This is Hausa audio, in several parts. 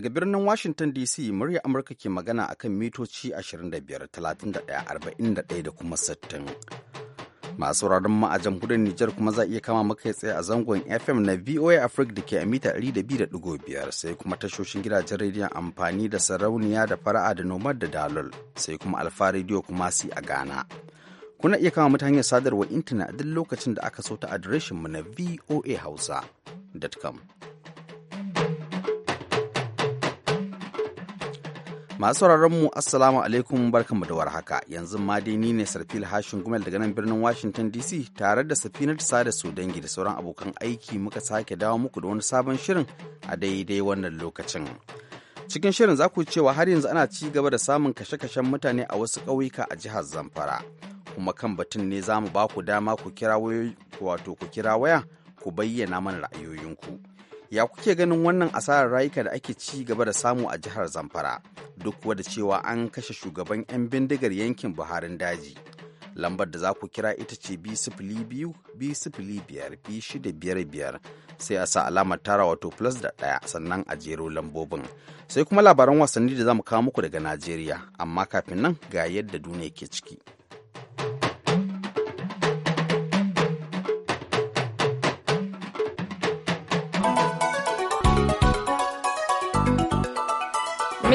Daga birnin Washington DC murya Amurka ke magana akan mitoci 25, 41 da kuma 60. Masu sauraron mu a jamhuriyar Nijar kuma za iya kama maka tsaye a zangon FM na VOA Africa da ke a mita 200.5 sai kuma tashoshin gidajen rediyon amfani da sarauniya da fara'a da nomad da dalol sai kuma alfa rediyo kuma si a Ghana. Kuna iya kama mutane hanyar sadarwar intanet duk lokacin da aka so ta adireshinmu na voa hausa.com. Masu mu Assalamu alaikum barkanmu da warhaka. Yanzu ma dai ni ne Sarfil Hashin Gumel daga nan birnin Washington DC tare da Safinar Sada dangi da sauran abokan aiki muka sake dawo muku da wani sabon shirin a daidai wannan lokacin. Cikin shirin za ku cewa har yanzu ana ci gaba da samun kashe-kashen mutane a wasu ƙauyuka a jihar Zamfara. Kuma kan batun ne za mu ba ku dama ku kira wato ku kira waya ku bayyana mana ra'ayoyinku. Ya kuke ganin wannan asarar rayuka da ake ci gaba da samu a jihar Zamfara? duk wada cewa an kashe shugaban 'yan bindigar yankin buharin daji lambar da za ku kira ita ce b biyu b biyar b shida biyar biyar sai a sa alamar tara wato plus da ɗaya sannan a jero lambobin sai kuma labaran wasanni da za mu kawo muku daga najeriya amma kafin nan ga yadda duniya ke ciki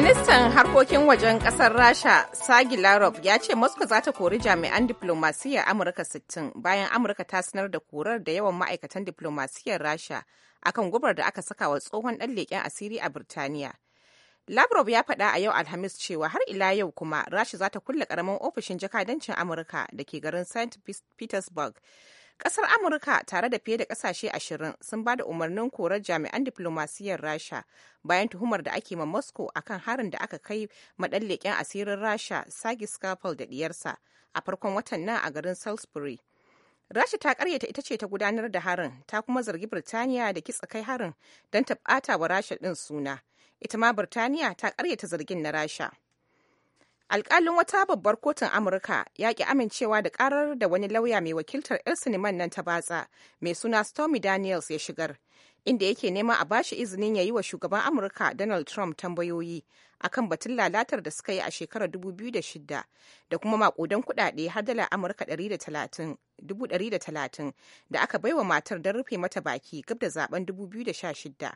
Ministan harkokin wajen kasar Rasha, Sagi Larov, ya ce Moscow za ta kori jami'an diplomasiyyar Amurka 60 bayan Amurka ta sanar da korar da yawan ma'aikatan diplomasiyyar Rasha akan gubar da aka saka wa tsohon ɗan leƙen asiri a Birtaniya. Lavrov ya faɗa a yau Alhamis cewa har ila yau kuma Rasha za ta kulle karamin ofishin jakadancin Amurka da ke garin St. Petersburg Ƙasar Amurka tare da fiye da ƙasashe ashirin sun ba da umarnin korar jami'an diplomasiyyar Rasha bayan tuhumar da ake ma Moscow akan harin da aka kai maɗan asirin Rasha Sagi Skapal da ɗiyarsa a farkon watan nan a garin Salisbury. Rasha ta karyata ita ce ta gudanar da harin, ta kuma zargi Birtaniya da kitsa kai harin don ta ɓata wa Rasha ɗin suna. Ita ma Birtaniya ta karyata zargin na Rasha. alkalin wata babbar kotun amurka ya ki amincewa da karar da wani lauya mai wakiltar 'yar siniman nan ta batsa mai suna stormy daniels ya shigar inda yake nema a bashi izinin ya yi wa shugaban amurka donald trump tambayoyi akan batun lalatar da suka yi a shekarar 2006 da kuma makudan kudade har dala amurka 130 da aka baiwa matar don rufe mata baki gab da zaben 2016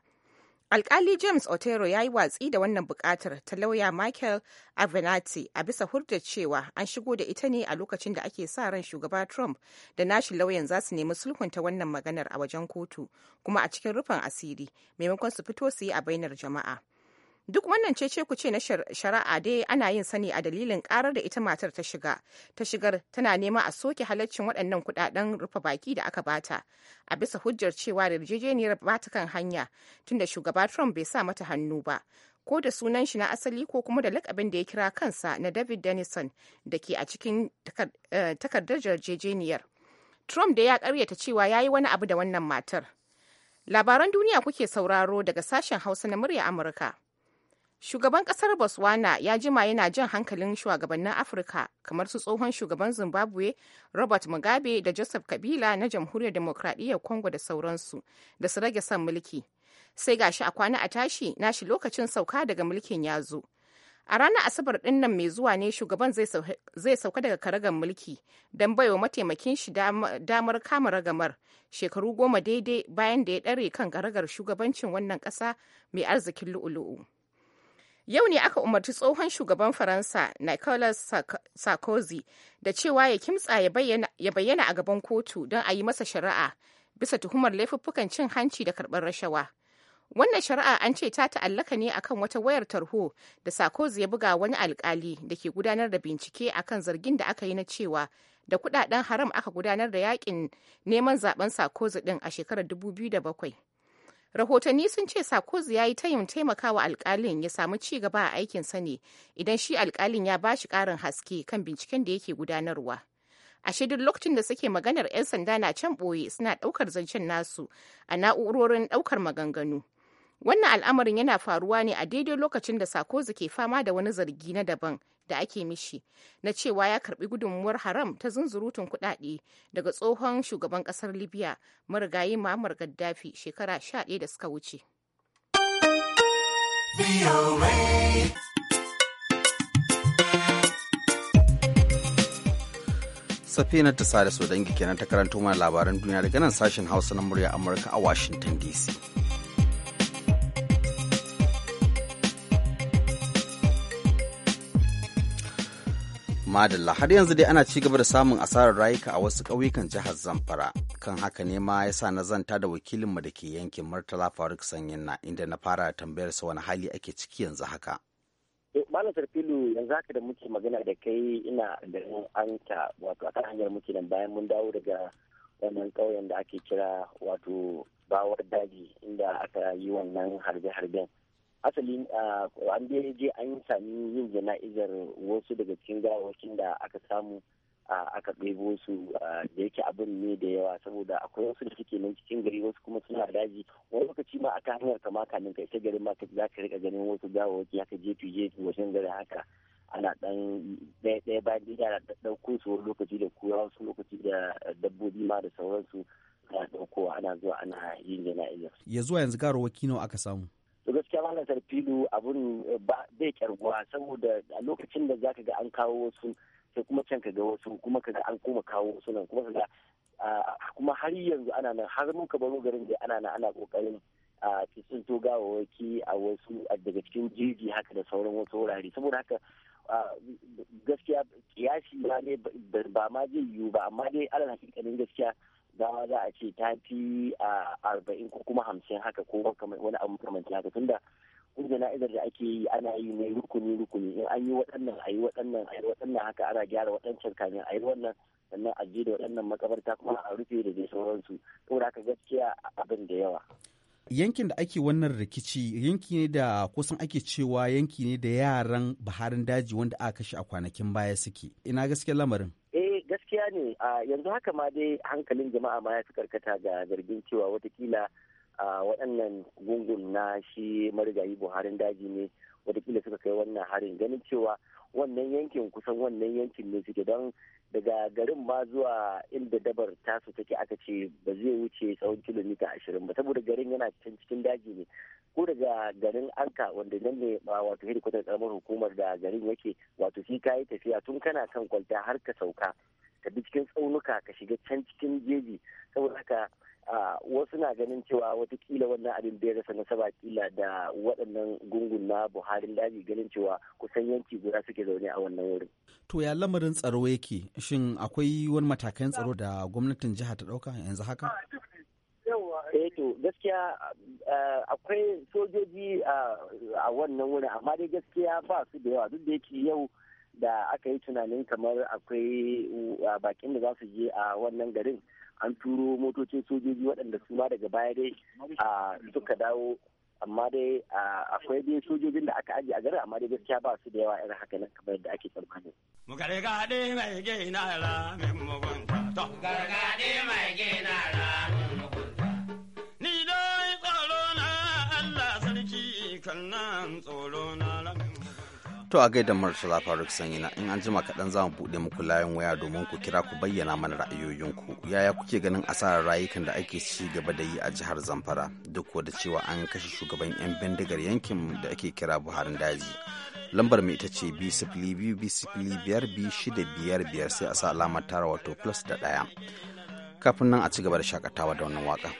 alkali james otero ya yi watsi da wannan bukatar ta lauya michael avenatti a bisa hurdar cewa an shigo da ita ne a lokacin da ake sa ran shugaba trump da nashi lauyan za su nemi sulhunta wannan maganar a wajen kotu kuma a cikin rufin asiri maimakon su fito su yi a bainar jama'a duk wannan cece ku ce na shari'a dai ana yin sani a dalilin karar da ita matar ta shiga ta shigar tana nema a soke halaccin waɗannan kuɗaɗen rufe baki da aka bata a bisa hujjar cewa da yarjejeniyar bata kan hanya tunda shugaba trump bai sa mata hannu ba ko da sunan shi na asali ko kuma da lakabin da ya kira kansa na david denison da ke a cikin eh, takardar yarjejeniyar trump da ya karyata cewa ya yi wani abu da wannan matar labaran duniya kuke sauraro daga sashen hausa na murya amurka Shugaban kasar Botswana ya jima yana jan hankalin shugabannin Afirka kamar su tsohon shugaban Zimbabwe Robert Mugabe da Joseph Kabila na Jamhuriyar Demokradiyyar Congo da sauransu da su rage son mulki. Sai gashi a kwana a tashi na shi lokacin sauka daga mulkin ya zo. A ranar Asabar ɗin mai zuwa ne shugaban zai sauka daga karagar mulki don baiwa mataimakin shi damar kama ragamar shekaru goma daidai bayan da ya ɗare kan karagar shugabancin wannan ƙasa mai arzikin lu'ulu'u. Yau ne aka umarci tsohon shugaban Faransa Nicolas Sarkozy da cewa ya kimtsa ya bayyana a gaban kotu don a yi masa shari'a bisa tuhumar laifuffukan cin hanci da karɓar rashawa. Wannan shari'a an ce ta ta'allaka ne akan wata wayar tarho da Sarkozy ya buga wani alkali da ke gudanar da bincike akan zargin da aka yi na cewa da kudaden haram aka gudanar da yakin neman zaben Sarkozy din a shekarar 2007. rahotanni sun ce sakozi ya yi tayin taimakawa alkalin ya samu ci gaba a aikin ne idan shi alkalin ya bashi karin haske kan binciken da yake gudanarwa ashe duk lokacin da suke maganar 'yan sanda na can ɓoye suna ɗaukar zancen nasu a na'urorin ɗaukar maganganu Wannan al'amarin yana faruwa ne a daidai lokacin da Sarkozy ke fama da wani zargi na daban da ake mishi na cewa ya karbi gudunmuwar haram ta zunzurutun kudade daga tsohon shugaban kasar Libya marigayi Muammar Gaddafi shekara 11 da suka wuce. Safina ta sada so dangi kenan ta karanto mana labaran duniya daga nan sashen Hausa na murya Amurka a Washington DC. Madalla har yanzu dai ana ci gaba da samun asarar rayuka a wasu ƙauyukan jihar Zamfara. Kan haka ne ma ya sa na zanta da wakilinmu da ke yankin Murtala Faruk na inda na fara tambayar sa wani hali ake ciki yanzu haka. Malam Sarfilu yanzu haka da muke magana da kai ina da anta wato a kan hanyar muke nan bayan mun dawo daga wannan ƙauyen da ake kira wato bawar daji inda aka yi wannan harbe-harben. asalin uh, an je an sami yin jana'izar wasu daga cikin gawawakin da aka samu uh, aka ɗebo su uh, da yake abin ne da yawa saboda akwai wasu da suke nan cikin gari wasu kuma suna daji wani lokaci ma aka hanyar kama kamin kai ta garin ma za ka rika ganin wasu gawawaki haka jefi jefi wajen gari haka ana dan ɗaya bayan da yara ɗauko su wani lokaci da kura wasu lokaci da dabbobi ma da sauransu ana ɗaukowa ana zuwa ana yin jana'izar. ya zuwa yanzu garawaki nawa aka samu. to gaskiya malam sarfilu abun eh, bai kyarguwa saboda a lokacin da zaka ga an kawo wasu sai kuma can ka ga wasu kuma ka ga an koma kawo wasu nan kuma ka kuma har yanzu ana nan har mun ka baro garin da ana nan ana kokarin a cikin to gawawaki a wasu daga cikin jirgi haka da sauran wasu wurare saboda haka gaskiya kiyasi ma ne ba ma zai yiwu ba amma dai alal hakikanin gaskiya dama za a ce ta fi arba'in ko kuma hamsin haka ko wani abu makamanci haka tunda kun jana'izar da ake yi ana yi ne rukuni rukuni in an yi waɗannan a yi waɗannan a yi waɗannan haka ana gyara waɗancan kamin a yi wannan sannan a je da waɗannan makabarta kuma a rufe da dai sauransu da haka gaskiya abin da yawa. yankin da ake wannan rikici yanki ne da kusan ake cewa yanki ne da yaran baharin daji wanda aka kashe a kwanakin baya suke ina gaskiyar lamarin gaskiya ne a yanzu haka ma dai hankalin jama'a ma ya fi karkata ga zargin cewa watakila a waɗannan gungun na shi marigayi buharin daji ne watakila suka kai wannan harin ganin cewa wannan yankin kusan wannan yankin ne suke don daga garin ma zuwa inda dabar tasu take aka ce ba zai wuce tsawon kilomita ashirin ba saboda garin yana can cikin daji ne ko daga garin anka wanda nan ne wato hedikwatar karamar hukumar da garin yake wato shi kayi tafiya tun kana kan kwalta har ka sauka ka bi cikin tsaunuka ka shiga can cikin jeji saboda haka wasu na ganin cewa watakila wannan abin bai rasa nasaba kila da waɗannan gungun na buharin daji ganin cewa kusan yanki guda suke zaune a wannan wurin. to ya lamarin tsaro yake shin akwai wani matakan tsaro da gwamnatin jiha ta ɗauka yanzu haka? eh to gaskiya eh, akwai sojoji a wannan wurin amma dai gaskiya ba su da yawa duk da yake yau da aka yi tunanin kamar akwai eh, bakin da za su je a wannan garin an turo motocin sojoji waɗanda su ma daga baya dai suka dawo amma dai akwai dai sojojin da aka ajiye a garin amma dai gaskiya ba su da yawa irin haka nan kamar da ake tsammani. Mu gargaɗe mai gina ra mai mugunta. To a gaida Murtala Faruk Sanyina in an jima kaɗan za mu buɗe muku layin waya domin ku kira ku bayyana mana ra'ayoyinku. Yaya kuke ganin asarar rayukan da ake ci gaba da yi a jihar Zamfara duk da cewa an kashe shugaban 'yan bindigar yankin da ake kira Buharin daji. Lambar mai ita ce b biyu b biyar b shida biyar biyar sai a sa alamar tara wato plus da ɗaya. Kafin nan a ci gaba da shakatawa da wannan waka.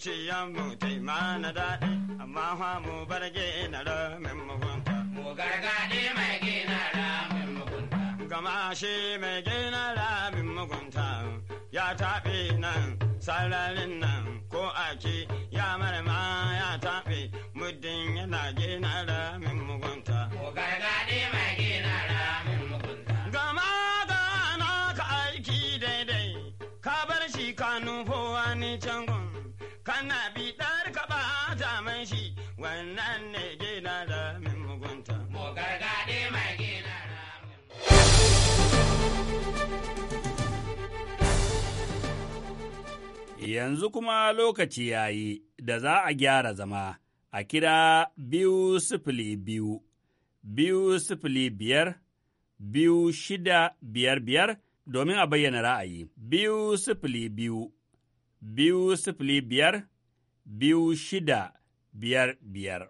zuciyanmu ta ma na daɗi amma fa mu bar gina min mugunta. Mu gargaɗi mai gina min mugunta. Gama shi mai gina min mugunta ya taɓe nan sararin nan ko ake ya marama ya taɓe muddin yana gina min mugunta. Mu gargaɗi mai gina min mugunta. Gama gana ka aiki daidai ka bar shi ka nufo wani can wannan ne gina da min mugunta. Mu gargaɗe mai gina Yanzu kuma lokaci ya yi da za a gyara zama a kira biyu sifili biyu, biyu sifili biyar, biyu shida biyar biyar domin a bayyana ra'ayi. Biyu sifili biyu, biyu sifili biyar, biyu shida biyar biyar.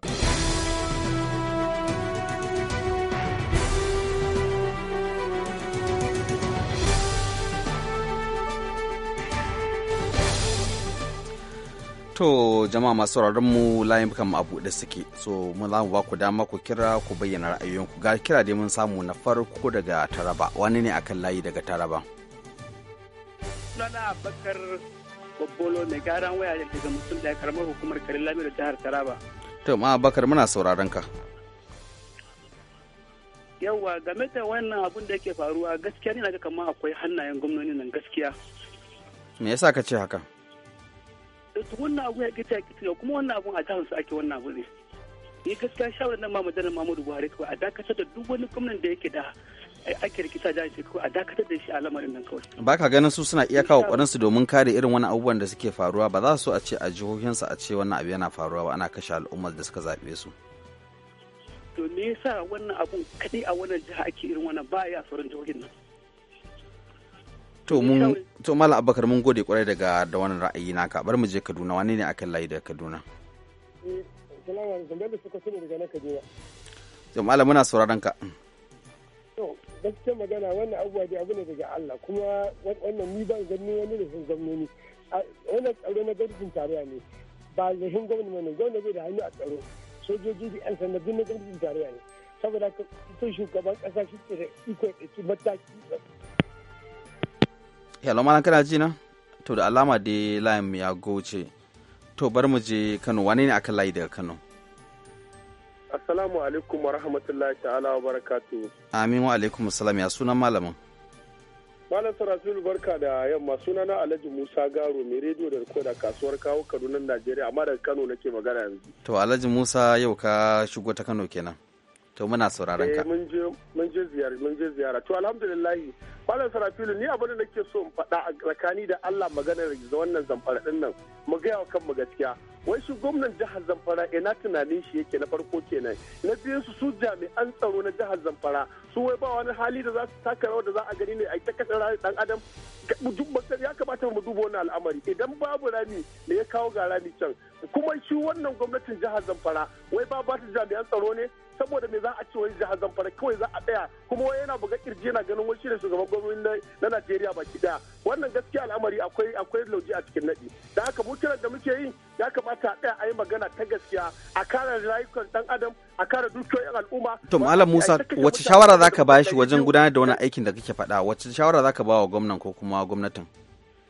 To jama'a masu sauraron mu layin kan a buɗe suke so mun za mu ba ku dama ku kira ku bayyana ra'ayoyinku ga kira dai mun samu na farko daga Taraba wani ne akan layi daga Taraba. Sunana Bakar babbolo mai garan waya daga mutum da karamar hukumar karin da jihar taraba to ma bakar muna sauraron ka yawwa game da wannan abun da yake faruwa gaskiya ne na ga kamar akwai hannayen gwamnoni nan gaskiya me yasa ka ce haka eh, wannan abu ya kita kita kuma wannan abun a jihar su ake wannan abu ne ni gaskiya shawarar nan ma madanar Muhammadu Buhari kawai a dakatar da duk wani gwamnan da yake da ake rikita da shi ko a dakatar da shi a lamarin nan kawai ba ka ganin su suna iya kawo kwarin domin kare irin wani abubuwan da suke faruwa ba za su a ce a jihohinsu a ce wannan abu yana faruwa ba ana kashe al'ummar da suka zaɓe su to me yasa wannan abun kadai a wannan jiha ake irin wannan ba ya sauran jihohin nan to mun to mala abakar mun gode kwarai daga da wannan ra'ayi naka bar mu je kaduna wane ne akan layi eh, da kaduna jama'a muna sauraron ka to gaskiya magana wannan abubuwa dai abu ne daga Allah kuma wannan ni ban ganin wani rufin gwamnoni wannan tsaro na gwamnatin tarayya ne ba zahin gwamnati mai gwamnati bai da hannu a tsaro sojoji da yan sanda duk na gwamnatin tarayya ne saboda ka ito shugaban kasa shi ke da iko ya ɗauki mataki hello malam kana ji na to da alama dai layin ya goce to bar mu je kano wane ne aka layi daga kano Assalamu alaikum wa rahmatullahi ta'ala wa barakatu. Amin wa alaikum salam ya sunan malamin. Malam Sarasul barka da yamma suna na Alhaji Musa Garo mai rediyo da rikoda kasuwar kawo Kaduna Najeriya amma daga Kano nake magana yanzu. To Alhaji Musa yau ka shigo ta Kano kenan. To muna sauraron ka. Eh mun je mun je ziyara mun je ziyara. To alhamdulillah Malam Sarafilu ni abin da nake so in faɗa a tsakani da Allah maganar da wannan zamfara ɗin nan mu gaya wa kanmu gaskiya. Wai shi gwamnan jihar Zamfara ina eh, tunanin shi yake na farko kenan. Na biyu su su jami'an tsaro na jihar Zamfara su wai ba wani hali da za su taka rawa da za a gani ne a ta kasar dan adam ya kamata mu duba wannan al'amari idan babu rami da ya kawo ga rami can kuma shi wannan gwamnatin jihar Zamfara wai ba ba ta jami'an tsaro ne saboda me za a ce wai jihar Zamfara kawai za a tsaya kuma wai yana buga kirji yana ganin wai shi ne shugaban gwamnoni na Najeriya baki daya wannan gaskiya al'amari akwai akwai lauje a cikin nadi da haka mu da muke yi ya kamata a tsaya a yi magana ta gaskiya a kare rayukan dan adam a kare dukiyoyin al'umma to malam Musa wace shawara zaka ba shi wajen gudanar da wani aikin da kake faɗa wace shawara zaka ba wa gwamnan ko kuma gwamnatin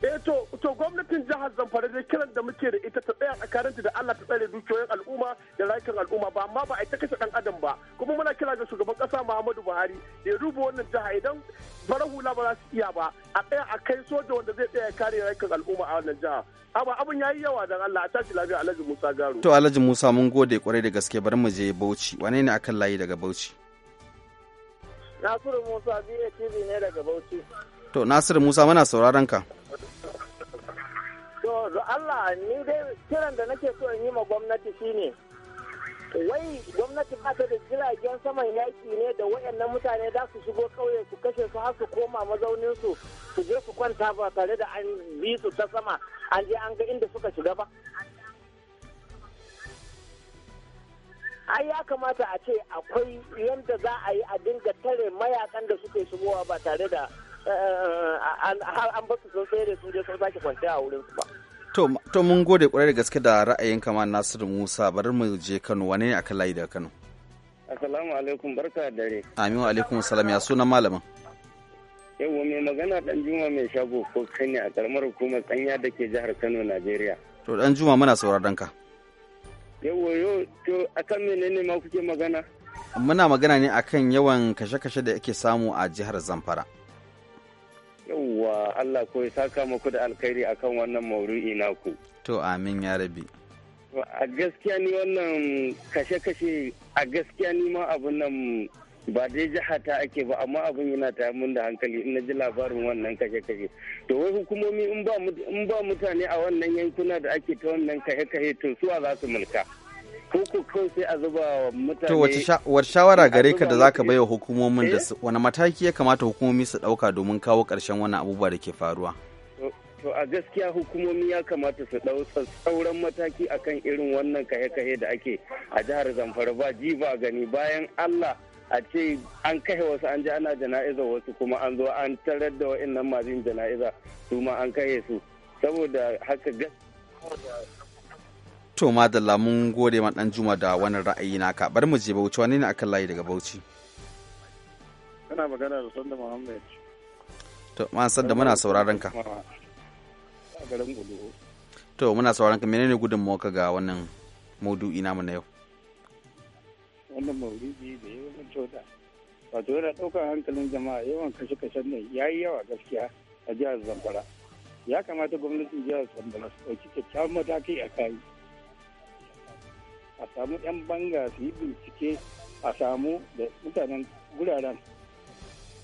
eh to to gwamnatin jihar zamfara da kiran da muke da ita ta tsaya tsakanin da Allah ta tsare dukiyoyin al'umma da rayukan al'umma ba amma ba a ta kace dan adam ba kuma muna kira ga shugaban kasa Muhammadu Buhari ya rubu wannan jiha idan bara hula ba za su iya ba a tsaya a kai soja wanda zai tsaya kare rayukan al'umma a wannan jiha amma ya yayi yawa dan Allah a tashi lafiya Alhaji Musa Garu to Alhaji Musa mun gode kwarai da gaske bari mu je Bauchi wane ne akan layi daga Bauchi Nasiru Musa biye TV ne daga Bauchi To Nasiru Musa muna sauraron ka. To da Allah ni dai kiran da nake so in yi ma gwamnati shine wai gwamnati ba ta da jiragen saman yaki ne da waɗannan mutane za su shigo ƙauye su kashe su har su koma mazaunin su su je su kwanta ba tare da an bi su ta sama an je an ga inda suka shiga ba. ai ya kamata a ce akwai yadda za a yi a dinga tare mayakan da suke shigowa ba tare da har eh, eh, eh, an basu sun sai da su je sun sake kwanciya a wurin su ba. To mun gode kwarai da gaske da ra'ayin kama Nasiru Musa bari mu je Kano wane ne akan layi daga Kano? Assalamu alaikum barka dare. Amin wa alaikum salam ya suna malamin. Yawwa mai magana dan Juma mai shago ko ne a karamar hukumar tsanya da ke jihar Kano Najeriya. To dan Juma muna sauraron ka. Yawwa yau to akan menene ma kuke magana? Muna magana ne akan yawan kashe-kashe da yake samu a jihar Zamfara. yauwa Allah ko ya saka muku da alkhairi akan wannan maudu'i naku to amin ya rabi a gaskiya ni wannan kashe-kashe a gaskiya ni ma abun nan ba dai jiha ta ake ba amma abin yana ta mun da hankali in ji labarin wannan kashe-kashe to wai hukumomi in ba mutane a wannan yankuna da ake ta wannan kashe-kashe to suwa za su mulka ko kawai sai a zuba wa mutane to wace shawara gare ka da zaka bayar hukumomin da eh? su wani mataki ya kamata hukumomi su dauka domin kawo karshen wannan abubuwa da ke faruwa to a gaskiya hukumomi ya kamata su dau sauran mataki akan irin wannan kahe-kahe da ake a jihar Zamfara ba ji ba gani bayan Allah a ce an kashe wasu an ji ana jana'iza wasu kuma an zo an tarar da wa'annan masu jana'iza su ma an kashe su saboda haka gaskiya To madalla mun gode ma dan Juma da wannan ra'ayi naka. Bari mu je Bauchi wani ne akan layi daga Bauchi. Kana magana da Sanda Muhammad. To man Sanda muna sauraron ka. To muna sauraron ka menene gudunmuwa ka ga wannan maudu'i namu na yau? Wannan maudu'i da yawan coda. Wato yana ɗaukar hankalin jama'a yawan kashe-kashen ne ya yi yawa gaskiya a jihar Zamfara. Ya kamata gwamnatin jihar Zamfara su ɗauki kyakkyawan mataki a kayi. a samu 'yan banga su yi bincike a samu da mutanen guraren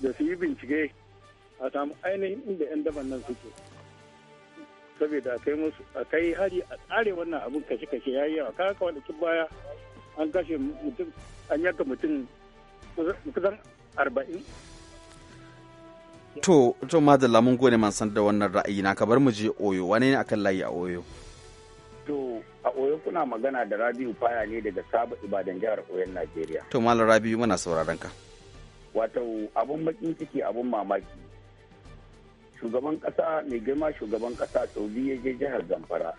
da su yi bincike a samu ainihin inda 'yan daban nan suke saboda kai musu a kai hari a tsare wannan abin kashe-kashe ya yi yawa kaka ka da baya an kashe mutum an yaka mutum kusan arba'in to to madalla mun gode man san da wannan ra'ayi na ka bar mu je oyo wane ne akan layi a oyo to a oyo kuna magana da rabiu faya ne daga saba ibadan jihar oyon najeriya to malam rabiu muna sauraron ka wato abun bakin ciki abun mamaki shugaban kasa mai girma shugaban kasa saudi ya je jihar zamfara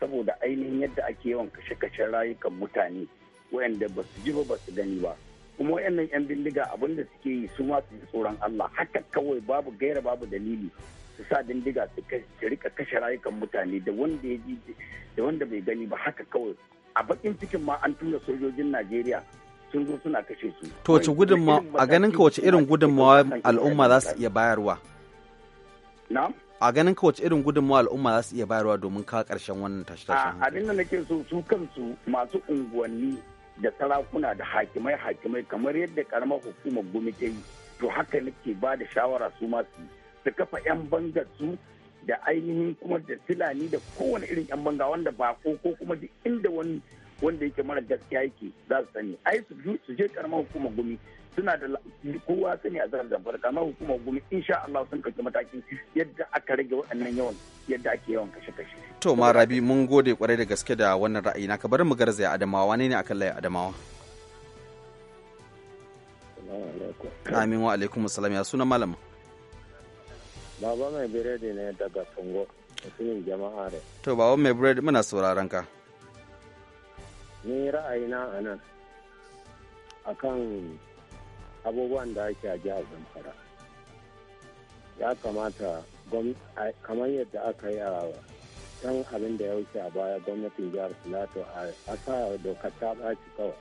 saboda ainihin yadda ake yawan kashe-kashen rayukan mutane wayanda ba su ji ba ba su gani ba kuma wayannan yan bindiga abin da suke yi su ma su ji tsoron Allah haka kawai babu gaira babu dalili su sa bindiga su rika kashe rayukan mutane da wanda ya ji da wanda bai gani ba haka kawai a bakin cikin ma an tura sojojin najeriya sun zo suna kashe su to wace gudunmawa a ganin ka wace irin gudunmawa al'umma za su iya bayarwa na'am a ganin ka wace irin gudunmawa al'umma za su iya bayarwa domin kawo karshen wannan tashi tashin abin da nake so su kansu masu unguwanni da sarakuna da hakimai hakimai kamar yadda karamar hukumar gumi ta yi to haka nake ba da shawara su masu su kafa 'yan banga su da ainihin kuma da filani da kowane irin 'yan banga wanda ba ko ko kuma duk inda wani wanda yake mara gaskiya yake za su sani ai su je karamar hukumar gumi suna da kowa sani a zarar zamfara karamar hukumar gumi insha Allah sun kaci matakin yadda aka rage waɗannan yawan yadda ake yawan kashe-kashe. To ma Rabi mun gode kwarai da gaske da wannan ra'ayi na ka bari mu garzaya Adamawa ne ne akan layi Adamawa. Amin wa alaikum salam ya suna malamin. Baba mai biredi ne daga Tungo, mutumin jama'a ne. To, baba mai biredi muna sauraron ka. Ni ra'ayina a nan, a kan abubuwan da ake a jihar Zamfara. Ya kamata, kamar yadda aka yi a kan abin da ya wuce a baya gwamnatin jihar Filato a asa doka ta ɓaci kawai.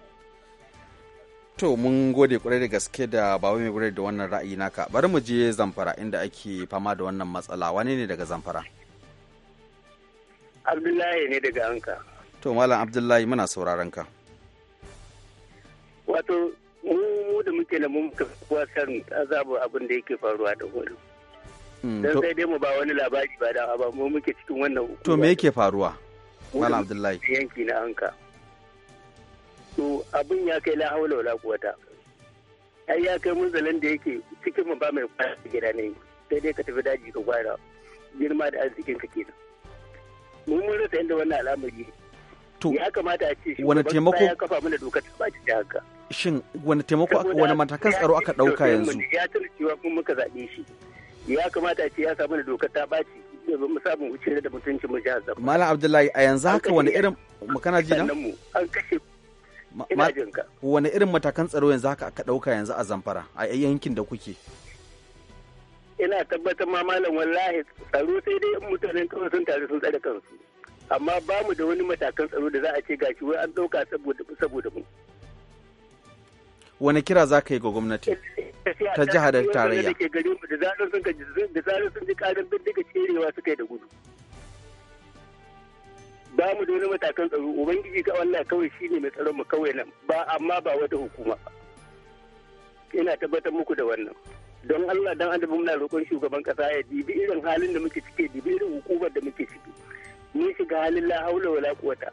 to mun gode kwarai da gaske da ba mai gure da wannan ra'ayi naka bari mu je zamfara inda ake fama da wannan matsala wani ne daga zamfara abdullahi ne daga anka to malam abdullahi muna sauraron ka wato mu da muke da mun kuwa san azabu abin da yake faruwa da wani hmm, don sai dai mu ba wani labari ba da ba mu muke cikin wannan to me yake faruwa malam abdullahi yanki na anka to abin ya kai la haula wala kuwata ai ya kai munzalin da yake cikin mu ba mai kwana gida ne sai dai ka tafi daji ka gwara girma da arzikin ka kenan mu mun rasa inda wannan al'amari to ya kamata a ce wani taimako ya kafa mana dokar ta baki da haka shin wani taimako aka wani matakan tsaro aka dauka yanzu ya tarciwa kuma muka zabe shi ya kamata a ce ya samu da dokar ta baci mu samu wuce da mutuncin mu jihar Malam Abdullahi a yanzu haka wani irin kana ji nan? an kashe ina jin ka wani irin matakan tsaro yanzu haka aka ɗauka yanzu a zamfara a yankin da kuke ina tabbatar ma malam wallahi tsaro sai dai in mutanen kawai sun tare sun tsare kansu amma ba mu da wani matakan tsaro da za a ce gashi wai an ɗauka saboda saboda mu wani kira za ka yi ga gwamnati ta jihar tarayya da zarar sun ji karin bindiga cerewa suka yi da gudu ba mu da wani matakan tsaro ubangiji ga Allah kawai shine mai tsaron mu kawai nan ba amma ba wata hukuma ina tabbatar muku da wannan don Allah dan adabu muna roƙon shugaban kasa ya dibi irin halin da muke ciki dibi irin hukumar da muke ciki mun shiga halin la haula wala quwata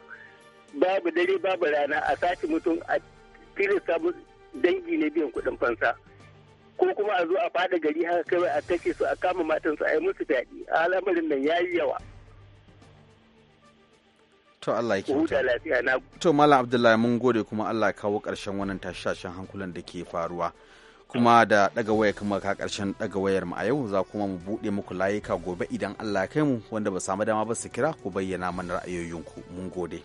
babu dare babu rana a sace mutum a sabu dangi ne biyan kuɗin fansa ko kuma a zo a fada gari haka kawai a kashe su a kama matansu a yi musu fyaɗe a al'amarin nan ya yi yawa To Allah ya kyauta. To Malam Abdullahi mun gode kuma Allah ya kawo ƙarshen wannan tashashen hankulan da ke faruwa. kuma da daga waya kuma ka karshen daga wayar mu a yau za kuma mu bude muku layuka gobe idan Allah ya kai mu wanda ba samu dama ba su kira ku bayyana mana ra'ayoyinku mun gode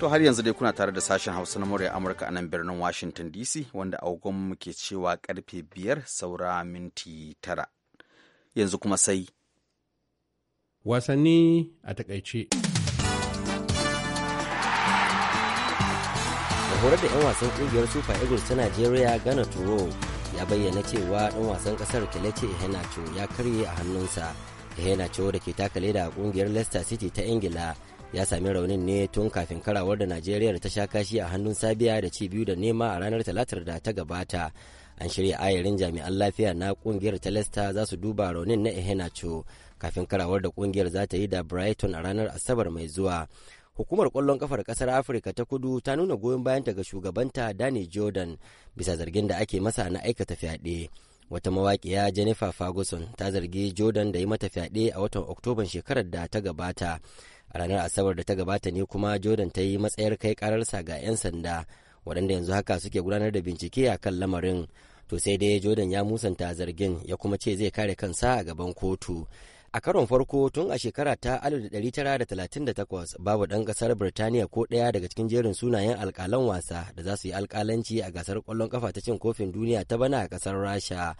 To har yanzu dai kuna tare da sashen Hausa na murya Amurka a nan birnin Washington DC wanda mu ke cewa karfe biyar saura minti tara. Yanzu kuma sai. Wasanni a takaice. horar da 'yan wasan kungiyar Super Eagles ta Najeriya Ghana Turo ya bayyana cewa ɗan wasan ƙasar Kelechi Iheanacho ya karye a hannunsa. Iheanacho da ke taka leda a kungiyar Leicester City ta Ingila ya sami raunin ne tun kafin karawar da najeriya da ta sha kashi a hannun sabiya da ci biyu da nema a ranar talatar da ta gabata an shirya ayarin jami'an lafiya na kungiyar talesta za su duba raunin na ehenacho kafin karawar da kungiyar za ta yi da brighton a ranar asabar mai zuwa hukumar kwallon kafar kasar afirka ta kudu ta nuna goyon bayanta ga shugabanta dani jordan bisa zargin da ake masa na aikata fyaɗe wata mawaƙiya jennifer ferguson ta zargi jordan da yi mata fyaɗe a watan oktoban shekarar da ta gabata a ranar asabar da ta gabata ne kuma jordan ta yi matsayar kai kararsa ga 'yan sanda waɗanda yanzu haka suke gudanar da bincike a kan lamarin to sai dai jordan ya musanta zargin ya kuma ce zai kare kansa a gaban kotu A karon farko tun a shekara ta 1938 babu ɗan ƙasar Birtaniya ko ɗaya daga cikin jerin sunayen alƙalan wasa da za su yi alƙalanci a gasar ƙwallon ƙafa ta cin kofin duniya ta bana a ƙasar Rasha.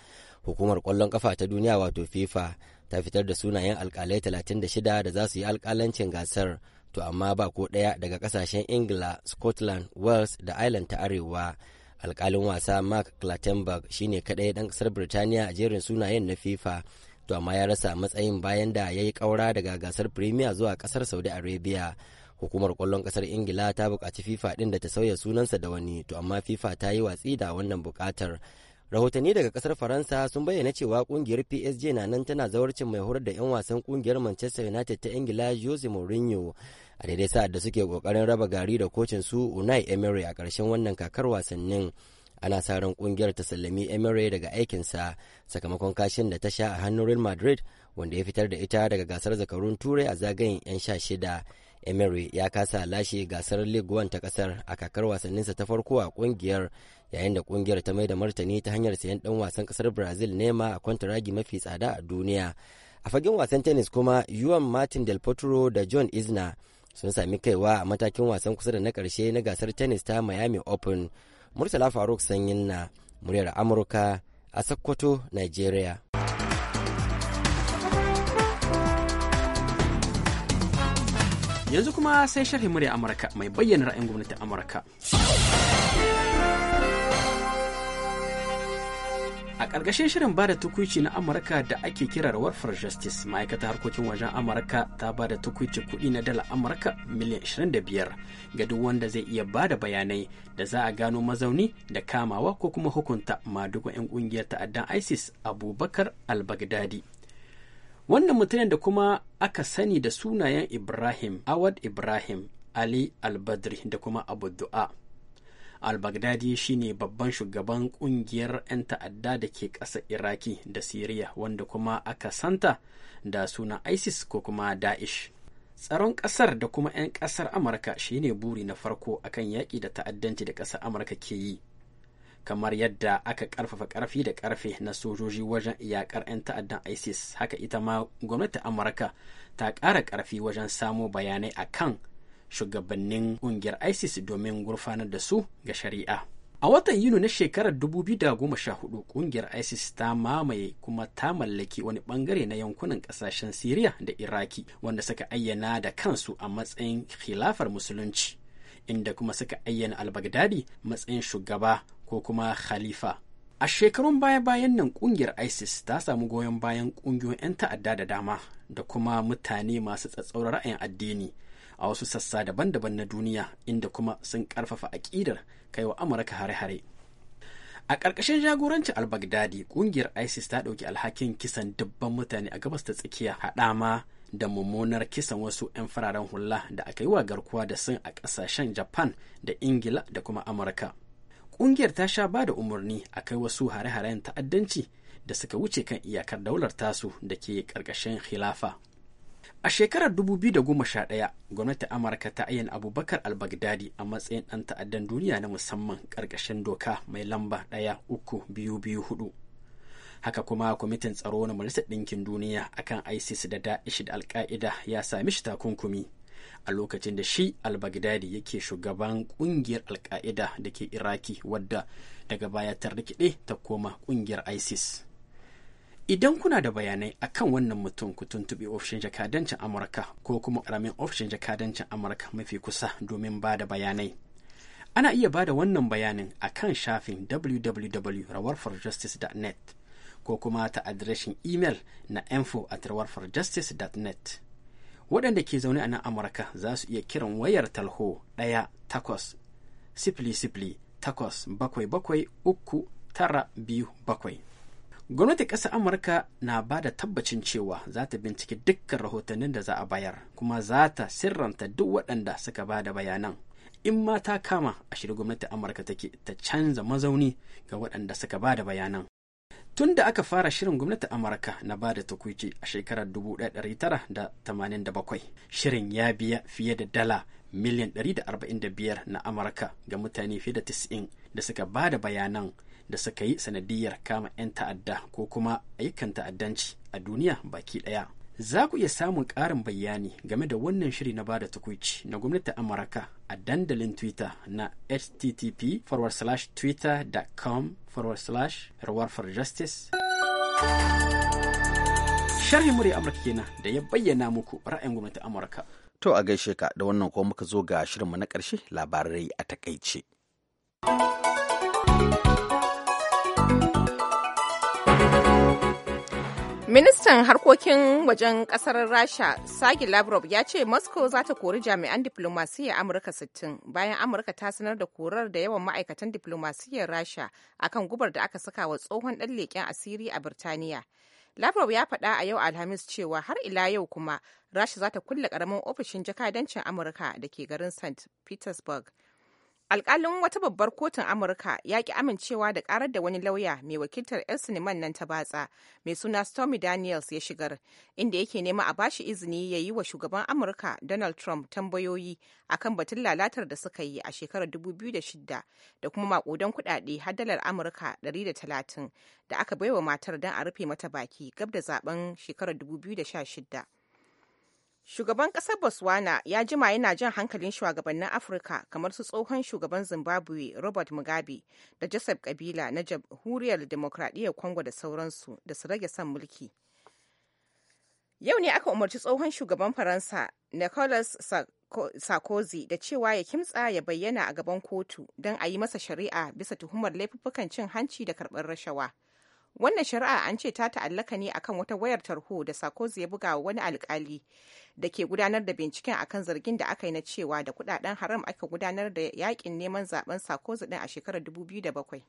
Hukumar ƙwallon ƙafa ta duniya wato FIFA ta fitar da sunayen alƙalai 36 da za su yi alƙalancin gasar. To amma ba ko ɗaya daga ƙasashen Ingila, Scotland, Wales da Ireland ta Arewa. Alƙalin wasa Mark Clattenburg shine kaɗai ɗan ƙasar Birtaniya a jerin sunayen na FIFA. to amma ya rasa matsayin bayan da ya yi ƙaura daga gasar premier zuwa ƙasar saudi arabia hukumar kwallon kasar ingila ta buƙaci fifa ɗin da ta sauya sunansa da wani to amma fifa ta yi watsi da wannan buƙatar rahotanni daga kasar faransa sun bayyana cewa kungiyar psg na nan tana zawarcin mai horar da 'yan wasan kungiyar manchester united ta ingila jose mourinho a daidai sa'ad da suke kokarin raba gari da kocin su unai emery a ƙarshen wannan kakar wasannin ana sa ran kungiyar ta sallami emire daga aikinsa sakamakon kashin da ta sha a hannun real madrid wanda ya fitar da ita daga gasar zakarun turai a zagayen 'yan sha shida emire ya kasa lashe gasar league one ta kasar a kakar wasanninsa ta farko a kungiyar yayin da kungiyar ta mai da martani ta hanyar sayan dan wasan kasar brazil nema a kwantaragi mafi tsada a duniya a fagen wasan tennis kuma yuan martin del potro da john isner sun sami kaiwa a matakin wasan kusa da na karshe na gasar tennis ta miami open Murtala Faruk Sanyin na muryar Amurka a Sokoto, Nigeria. Yanzu kuma sai sharhi murya Amurka mai bayyana ra'ayin gwamnatin Amurka. a ƙarƙashin shirin ba da tukuici na amurka da ake kira warfar justice ma'aikatar harkokin wajen amurka ta ba da tukuici kuɗi na dala amurka miliyan 25 ga duk wanda zai iya ba da bayanai da za a gano mazauni da kamawa ko kuma hukunta madugun 'yan ƙungiyar ta'addan isis abubakar al-baghdadi wannan mutumin da kuma aka sani da sunayen ibrahim awad ibrahim ali al-badri da kuma abu du'a al-baghdadi shine babban shugaban kungiyar 'yan ta'adda da ke ƙasa iraki da siriya wanda kuma aka santa da suna isis ko kuma daesh tsaron ƙasar da kuma 'yan ƙasar amurka shine buri na farko akan yaƙi da ta'addanci da ƙasar amurka ke yi kamar yadda aka ƙarfafa ƙarfi da ƙarfe na sojoji wajen iyakar 'yan ta'addan isis haka ita ma gwamnati amurka ta ƙara ƙarfi wajen samo bayanai akan shugabannin ƙungiyar isis domin gurfanar da su ga shari'a a watan yuni na shekarar 2014 ƙungiyar isis ta mamaye kuma ta mallaki wani bangare na yankunan kasashen siriya da iraki wanda suka ayyana da kansu a matsayin khilafar musulunci inda kuma suka ayyana al-baghdadi matsayin shugaba ko kuma khalifa a shekarun baya-bayan nan kungiyar isis ta samu goyon bayan kungiyoyin 'yan ta'adda da dama da kuma mutane masu tsatsauran ra'ayin addini a wasu sassa daban-daban na duniya inda kuma sun karfafa aƙidar kaiwa amurka hare-hare a ƙarƙashin jagorancin al-baghdadi ƙungiyar isis ta ɗauki alhakin kisan dubban mutane a gabas ta tsakiya haɗama da mummunar kisan wasu 'yan fararen hula da aka yi wa garkuwa da sun a ƙasashen japan da ingila da kuma amurka ƙungiyar ta sha ba da umarni a kai wasu hare-haren ta'addanci da suka wuce kan iyakar daular tasu da ke ƙarƙashin khilafa A shekarar 2011, gwamnatin Amurka ta ayyana Abubakar al-Baghdadi a matsayin ɗan ta'addan duniya na musamman ƙarƙashin doka mai lamba ɗaya uku biyu biyu hudu. Haka kuma kwamitin tsaro na Majalisar Ɗinkin Duniya akan ISIS da Da'ish da Al-Qaida ya sami shi takunkumi. A lokacin da shi al-Baghdadi yake shugaban ƙungiyar Al-Qaida da ke Iraki wadda daga baya ta rikide ta koma ƙungiyar ISIS. Idan kuna da bayanai a kan wannan mutum ku tuntuɓi ofishin jakadancin Amurka ko kuma ƙaramin ofishin jakadancin Amurka mafi kusa domin ba da bayanai. Ana iya ba da wannan bayanin a kan shafin www.rawarforjustice.net ko kuma ta adireshin imel na info at rawarforjustice.net. Waɗanda ke zaune a nan Amurka za su iya kiran wayar talho ɗaya takwas sifili sifili takwas bakwai bakwai uku tara biyu bakwai. gwamnatin ƙasar amurka na ba da tabbacin cewa za ta bincike dukkan rahotannin da za a bayar kuma za ta sirranta duk waɗanda suka ba da bayanan in ma ta kama a shirin gwamnatin amurka take ta canza mazauni ga waɗanda suka ba da bayanan tun da aka fara shirin gwamnatin amurka na ba da a shekarar 1987 shirin ya biya fiye da dala miliyan 145 na amurka ga mutane fiye da 90 da suka ba da bayanan da suka yi sanadiyar kama 'yan ta'adda ko kuma ayyukan ta'addanci a duniya baki ɗaya. Za ku iya samun ƙarin bayani game da wannan shiri na bada tukuici na gwamnatin Amurka a dandalin Twitter na http forward slash twitter.com forward slash for Sharhin murya Amurka kenan da ya bayyana muku ra'ayin gwamnatin Amurka. To a gaishe ka da wannan kuma muka zo ga shirin mu na ƙarshe labarai a takaice. Ministan harkokin wajen kasar Rasha, Sagi Lavrov, ya ce Moscow za ta kori jami'an diplomasiyyar Amurka 60 bayan Amurka ta sanar da korar da yawan ma'aikatan diplomasiyyar Rasha akan gubar da aka saka wa tsohon ɗan leƙen asiri a Birtaniya. Lavrov ya faɗa a yau Alhamis cewa har ila yau kuma Rasha za ta kulle ƙaramin ofishin jakadancin Amurka da ke garin St. Petersburg alkalin wata babbar kotun amurka ya ki amincewa da karar da wani lauya mai wakiltar 'yan siniman nan ta batsa mai suna stormy daniels ya shigar inda yake nema a bashi izini ya yi wa shugaban amurka donald trump tambayoyi akan batun lalatar da suka yi a shekarar 2006 da kuma makudan kudade dalar amurka 130 da aka baiwa matar don a rufe mata baki gab da zaben shekarar 2016 Shugaban ƙasar Botswana ya jima yana jan hankalin shugabannin Afirka kamar su tsohon shugaban Zimbabwe Robert Mugabe da Joseph Kabila na Jamhuriyar Demokradiyyar Congo da sauransu da su rage son mulki. Yau ne aka umarci tsohon shugaban Faransa Nicolas Sarkozy da cewa ya kimtsa ya bayyana a gaban kotu don a yi masa shari'a bisa tuhumar laifuffukan cin hanci da karɓar rashawa. wannan shari'a an ce ta ta'allaka ne akan wata wayar tarho da sakozi ya buga wa wani alkali da ke gudanar da binciken akan zargin da aka yi na cewa da kudaden haram aka gudanar da yakin neman zaben sakozi din a shekarar 2007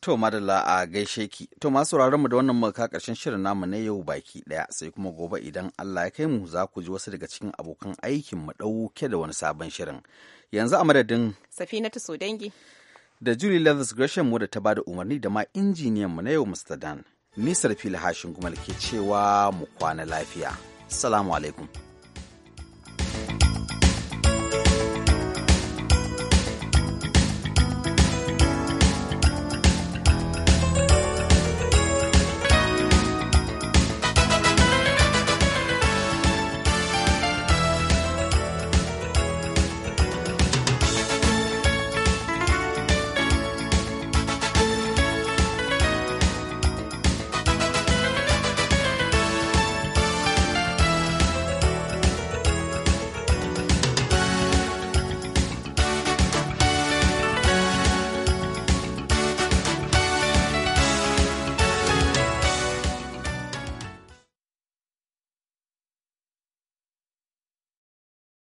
To madalla a gaishe ki. To masu mu da wannan muka karshen shirin namu na yau baki daya sai kuma gobe idan Allah ya kai mu za ku ji wasu daga cikin abokan aikin mu dauke da wani sabon shirin. Yanzu a madadin Safinatu Sodangi. da Julie Leathers Gresham wadda ta bada umarni da ma injiniyan mu na yau Mr. Dan. Nisar fili hashin gumal ke cewa mu kwana lafiya. Salamu alaikum.